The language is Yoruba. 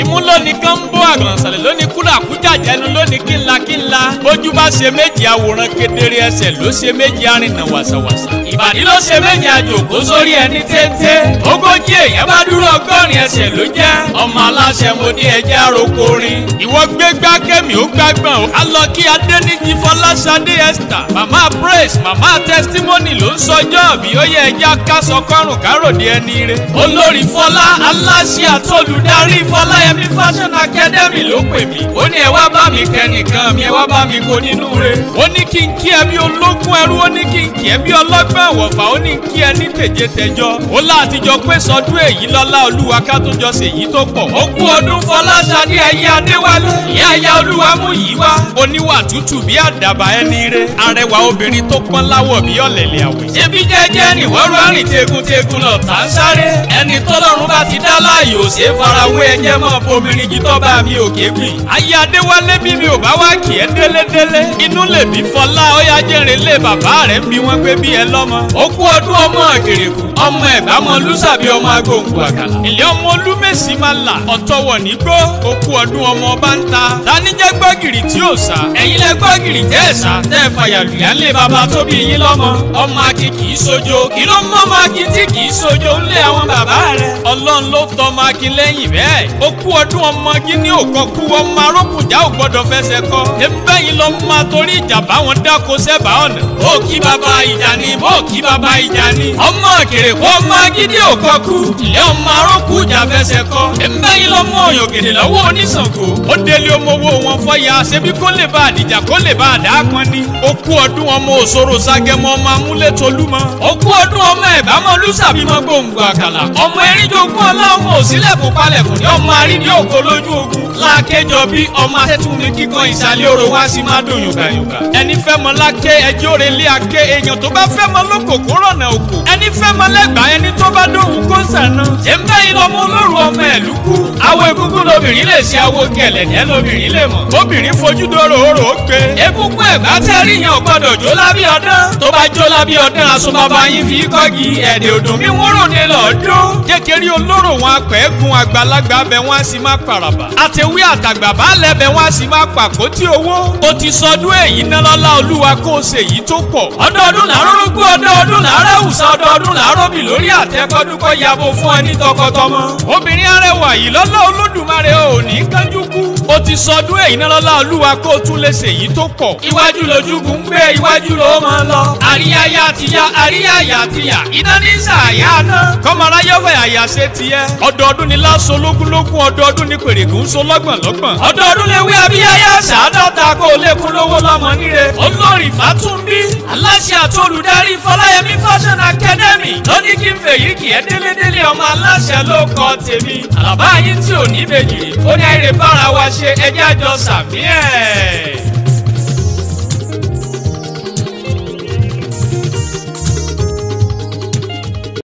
ìmúlò nìkan ń bọ́ àgbọ̀nsẹ̀lẹ̀ lónìí kúlà kújàjẹ́ lónìí kíńlakínla ojú bá ṣe méjì àwòrán kedere ẹsẹ̀ ló ṣe méjì arìnà wàsàwàsà. ìbàdí ló ṣe méjì àjòkó sórí ẹni téńté ogójì èèyàn bá dúró ọgọ́rin ẹsẹ̀ ló jẹ́ ọmọ aláṣẹ mo ní ẹjẹ́ arókorin. ìwọ gbé gbákẹ́mi ó gbàgbọ́n o alọ́kí adẹ́nìjì fọláṣadé esther màmá praise màmá testimony ló ń sọjọ́ bí ó yẹ ẹjẹ́ akásọ kọrùn káròdì ẹni rẹ. olórí fọlá aláṣẹ àtolùdarí fọláyẹmí fashion academy ló pè mí mi ní kẹ́nìkan mi ẹ wá bá mi kó nínú rẹ̀. ó ní kí n kí ẹ bí ológun ẹrú ó ní kí n kí ẹ bí ọlọ́gbọ́n ẹ̀wọ̀fà ó ní kí ẹ ní tèjétẹjọ. ó láàtijọ́ pé sọdún èyí lọ́lá olúwa ká tó jọ ṣèyí tó pọ̀. ó kú ọdún fọláṣadé ẹyẹ adéwálé ìyá ẹyà olúwa mú yìí wá. oníwà tútù bí àdàbà ẹni rẹ̀ arẹwà obìnrin tó pọ́n láwọ̀ bí ọ̀lẹ̀lẹ̀ àwẹ̀. ṣebí jẹ́jẹ́ ni wọ́n rán rìn tegun-tegun lọ tà ń sáré. ẹni tọ́lọ́run bá ti dá láàyò ṣe farawé ẹjẹ́ mọ́ bomirin jitọ́ mi bí mi ò bá wá kì í délédélé inú lè bí fọlá ọyá jẹrin lé bàbá rẹ̀ ń bí wọ́n gbé bí ẹ lọ́mọ. ó kú ọdún ọmọ gèrèkù ọmọ ẹ̀bá mọ lùsàbí ọmọ agbóhùn àkàlà. ilé ọmọ olúmẹ̀sì máa là ọ̀tọ̀wọ̀ nígbó ó kú ọdún ọmọ ọba ń ta. tani jẹ́ gbọ́gìrì tí ò sá ẹ̀yin lẹ gbọ́gìrì jẹ́ ẹ̀sà tẹ́ ẹ fàyà lùyà ń lé bàbá tó bí yín lọ́mọ. ọmọ akin kì í sojo kí ló mọ́ ọmọ akin tí kì í sojo ń lé àwọn bàbá rẹ̀ tọmọ akínlẹ́yìn bẹ́ẹ̀ ó kú ọdún ọmọge ní òkọ kú ọmọ arókùnjà ò gbọ́dọ̀ fẹsẹ̀ kọ. ebẹ́ yìí lọ máa torí ìjà báwọn dáko sẹ́bàá ọ̀nà. ó kí bàbá ìjà ni mo kí bàbá ìjà ni. ọmọ kèrè kó ọmọ agídí òkọ kú. ilé ọmọ arókùnjà fẹsẹ̀ kọ. ebẹ́ yìí lọ mọ ọyàn gèdè lọ́wọ́ oníṣàngó. ó délé ọmọwó wọn fọyà ṣebí kó lè bá àdìjà kó lè bá àdá kan ni. ó kú ọdún ọmọ fò sílẹ̀kùn palẹ̀kùn ní ọmọ arí ní ògo lójú ogun. Ọlákéjọbí ọmọ Adétúnmi kíkan ìsàlẹ̀ orò wá sí má dùn yùngàyùngà. ẹni fẹ́ mọ láké ẹjẹ́ òrè lé àké èèyàn tó bá fẹ́ mọ lóko kó rọ̀nà òkò. ẹni fẹ́ mọ lẹ́gbàá ẹni tó bá dóhùn kó sànà. ṣé ń bẹ́yìn lọ́mọ olóru ọmọ ẹ̀lú kú. awo egungun lobìnrin lè ṣe awo kẹlẹ̀ ní ẹlòmìnrin lè mọ̀. obìnrin fojú dóró oró ke. egungun ẹ̀bá tẹ́rì yẹn ò gbọ́dọ̀ jó lábí ọdán. tó bá jó lábí ọdán asọ́bàbà yín fi kọ́gi ẹ̀dẹ̀ òdùn mi wúrò ní lọ́ọ́dún. jẹ́kẹ́rí olóró wọn apẹ̀ gun àgbàlagbà bẹ̀ wọ́n á sì má paraba. àtẹw àwí àtàgbà bá lẹ́bẹ̀ wá sí máa pàkó tí owó. o ti sọdún èyí ná lọ́lá olúwa kó o ṣe èyí tó pọ̀. ọdọọdún làárọ̀ rúgbó ọdọọdún làárọ̀ ẹ̀wùsà ọdọọdún làárọ̀ bì lórí àtẹ́kọ́dún kọ́ yabo fún ẹni tọkọtọmọ. obìnrin arẹwà yìí lọ́lá olódùmarè ò ní kánjú kú ti sọdún èyí náà lọ́la olúwa kó o tún lè ṣe èyí tó kọ̀. iwájú lójúkùn ń gbé iwájú ló máa lọ. àríyáyá ti ya àríyáyá ti yà iná ní sàyà náà. kọ́mọ̀rá yọ̀fẹ̀ àyà ṣe tiẹ̀. ọdọọdún ni láṣọ lógúnlógún ọdọọdún ni pèrèkù ń so lọ́gbọ̀n lọ́gbọ̀n. ọdọọdún lè wí abíyáyá sàádọ́ta kó o lè kún lówó lọ́mọ níre. olórí fàtúnbí aláṣẹ àtolùdarí fọláyẹmí fashion academy ló ní kí n fèyí kì í délédélé ọmọ aláṣẹ ló kọ tèmi. àlàbá yín tí ò ní bèjì ó ní àìrè bára wa ṣe ẹ jẹ́ àjọ sàmí ẹ̀.